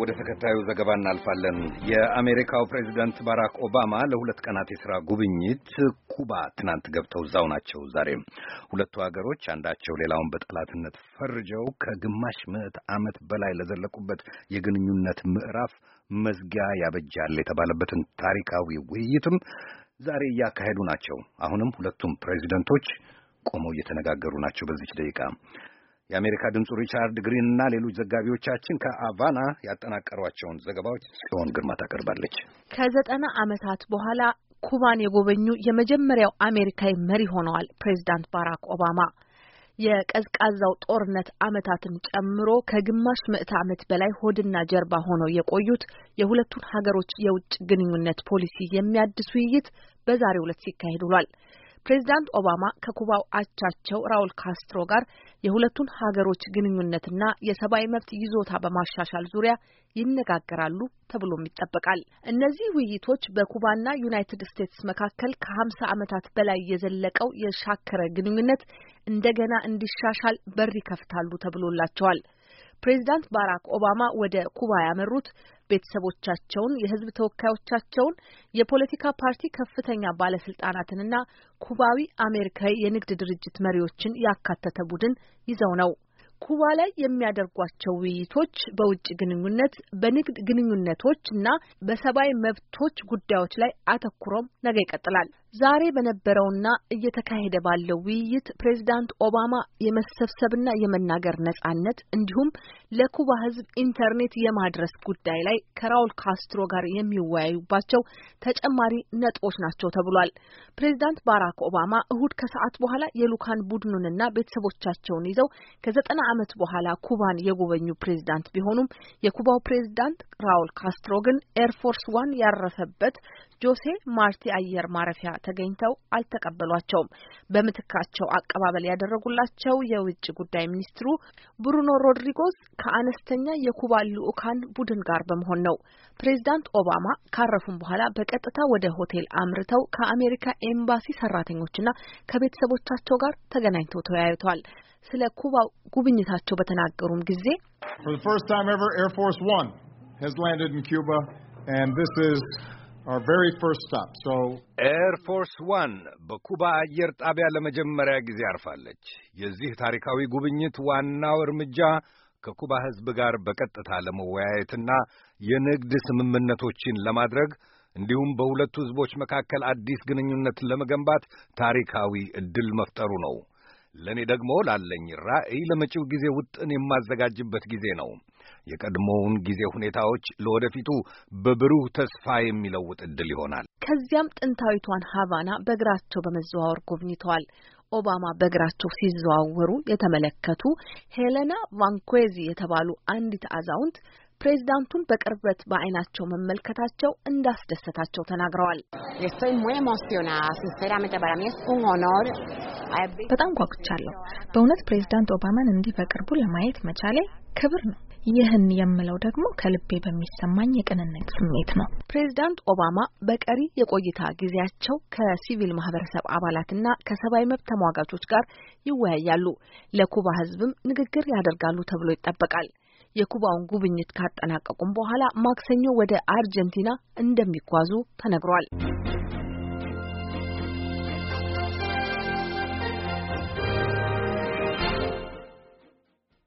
ወደ ተከታዩ ዘገባ እናልፋለን። የአሜሪካው ፕሬዚደንት ባራክ ኦባማ ለሁለት ቀናት የሥራ ጉብኝት ኩባ ትናንት ገብተው እዛው ናቸው። ዛሬም ሁለቱ ሀገሮች አንዳቸው ሌላውን በጠላትነት ፈርጀው ከግማሽ ምዕት ዓመት በላይ ለዘለቁበት የግንኙነት ምዕራፍ መዝጊያ ያበጃል የተባለበትን ታሪካዊ ውይይትም ዛሬ እያካሄዱ ናቸው። አሁንም ሁለቱም ፕሬዚደንቶች ቆመው እየተነጋገሩ ናቸው። በዚች ደቂቃ የአሜሪካ ድምፁ ሪቻርድ ግሪን እና ሌሎች ዘጋቢዎቻችን ከአቫና ያጠናቀሯቸውን ዘገባዎች ጽዮን ግርማ ታቀርባለች። ከዘጠና ዓመታት በኋላ ኩባን የጎበኙ የመጀመሪያው አሜሪካዊ መሪ ሆነዋል ፕሬዚዳንት ባራክ ኦባማ። የቀዝቃዛው ጦርነት ዓመታትን ጨምሮ ከግማሽ ምዕተ ዓመት በላይ ሆድና ጀርባ ሆነው የቆዩት የሁለቱን ሀገሮች የውጭ ግንኙነት ፖሊሲ የሚያድስ ውይይት በዛሬው ዕለት ሲካሄድ ውሏል። ፕሬዚዳንት ኦባማ ከኩባው አቻቸው ራውል ካስትሮ ጋር የሁለቱን ሀገሮች ግንኙነትና የሰብአዊ መብት ይዞታ በማሻሻል ዙሪያ ይነጋገራሉ ተብሎም ይጠበቃል። እነዚህ ውይይቶች በኩባና ዩናይትድ ስቴትስ መካከል ከሀምሳ ዓመታት በላይ የዘለቀው የሻከረ ግንኙነት እንደገና እንዲሻሻል በር ይከፍታሉ ተብሎላቸዋል። ፕሬዚዳንት ባራክ ኦባማ ወደ ኩባ ያመሩት ቤተሰቦቻቸውን፣ የህዝብ ተወካዮቻቸውን፣ የፖለቲካ ፓርቲ ከፍተኛ ባለስልጣናትንና ኩባዊ አሜሪካዊ የንግድ ድርጅት መሪዎችን ያካተተ ቡድን ይዘው ነው። ኩባ ላይ የሚያደርጓቸው ውይይቶች በውጭ ግንኙነት፣ በንግድ ግንኙነቶች እና በሰብአዊ መብቶች ጉዳዮች ላይ አተኩሮም ነገ ይቀጥላል። ዛሬ በነበረውና እየተካሄደ ባለው ውይይት ፕሬዚዳንት ኦባማ የመሰብሰብና የመናገር ነጻነት እንዲሁም ለኩባ ሕዝብ ኢንተርኔት የማድረስ ጉዳይ ላይ ከራውል ካስትሮ ጋር የሚወያዩባቸው ተጨማሪ ነጥቦች ናቸው ተብሏል። ፕሬዚዳንት ባራክ ኦባማ እሁድ ከሰዓት በኋላ የልኡካን ቡድኑንና ቤተሰቦቻቸውን ይዘው ከዘጠና ዓመት በኋላ ኩባን የጎበኙ ፕሬዚዳንት ቢሆኑም የኩባው ፕሬዚዳንት ራውል ካስትሮ ግን ኤርፎርስ ዋን ያረፈበት ጆሴ ማርቲ አየር ማረፊያ ተገኝተው አልተቀበሏቸውም። በምትካቸው አቀባበል ያደረጉላቸው የውጭ ጉዳይ ሚኒስትሩ ብሩኖ ሮድሪጎዝ ከአነስተኛ የኩባ ልዑካን ቡድን ጋር በመሆን ነው። ፕሬዚዳንት ኦባማ ካረፉም በኋላ በቀጥታ ወደ ሆቴል አምርተው ከአሜሪካ ኤምባሲ ሰራተኞችና ከቤተሰቦቻቸው ጋር ተገናኝተው ተወያይተዋል። ስለ ኩባው ጉብኝታቸው በተናገሩም ጊዜ For has landed in Cuba, and this is Force 1 በኩባ አየር ጣቢያ ለመጀመሪያ ጊዜ አርፋለች። የዚህ ታሪካዊ ጉብኝት ዋናው እርምጃ ከኩባ ሕዝብ ጋር በቀጥታ ለመወያየትና የንግድ ስምምነቶችን ለማድረግ እንዲሁም በሁለቱ ሕዝቦች መካከል አዲስ ግንኙነት ለመገንባት ታሪካዊ እድል መፍጠሩ ነው። ለእኔ ደግሞ ላለኝ ራዕይ ለመጪው ጊዜ ውጥን የማዘጋጅበት ጊዜ ነው። የቀድሞውን ጊዜ ሁኔታዎች ለወደፊቱ በብሩህ ተስፋ የሚለውጥ እድል ይሆናል። ከዚያም ጥንታዊቷን ሀቫና በእግራቸው በመዘዋወር ጎብኝተዋል። ኦባማ በእግራቸው ሲዘዋወሩ የተመለከቱ ሄለና ቫንኩዚ የተባሉ አንዲት አዛውንት ፕሬዚዳንቱን በቅርበት በአይናቸው መመልከታቸው እንዳስደሰታቸው ተናግረዋል። በጣም ጓጉቻለሁ። በእውነት ፕሬዚዳንት ኦባማን እንዲህ በቅርቡ ለማየት መቻሌ ክብር ነው። ይህን የምለው ደግሞ ከልቤ በሚሰማኝ የቅንነት ስሜት ነው። ፕሬዚዳንት ኦባማ በቀሪ የቆይታ ጊዜያቸው ከሲቪል ማህበረሰብ አባላትና ከሰብአዊ መብት ተሟጋቾች ጋር ይወያያሉ፣ ለኩባ ህዝብም ንግግር ያደርጋሉ ተብሎ ይጠበቃል። የኩባውን ጉብኝት ካጠናቀቁም በኋላ ማክሰኞ ወደ አርጀንቲና እንደሚጓዙ ተነግሯል።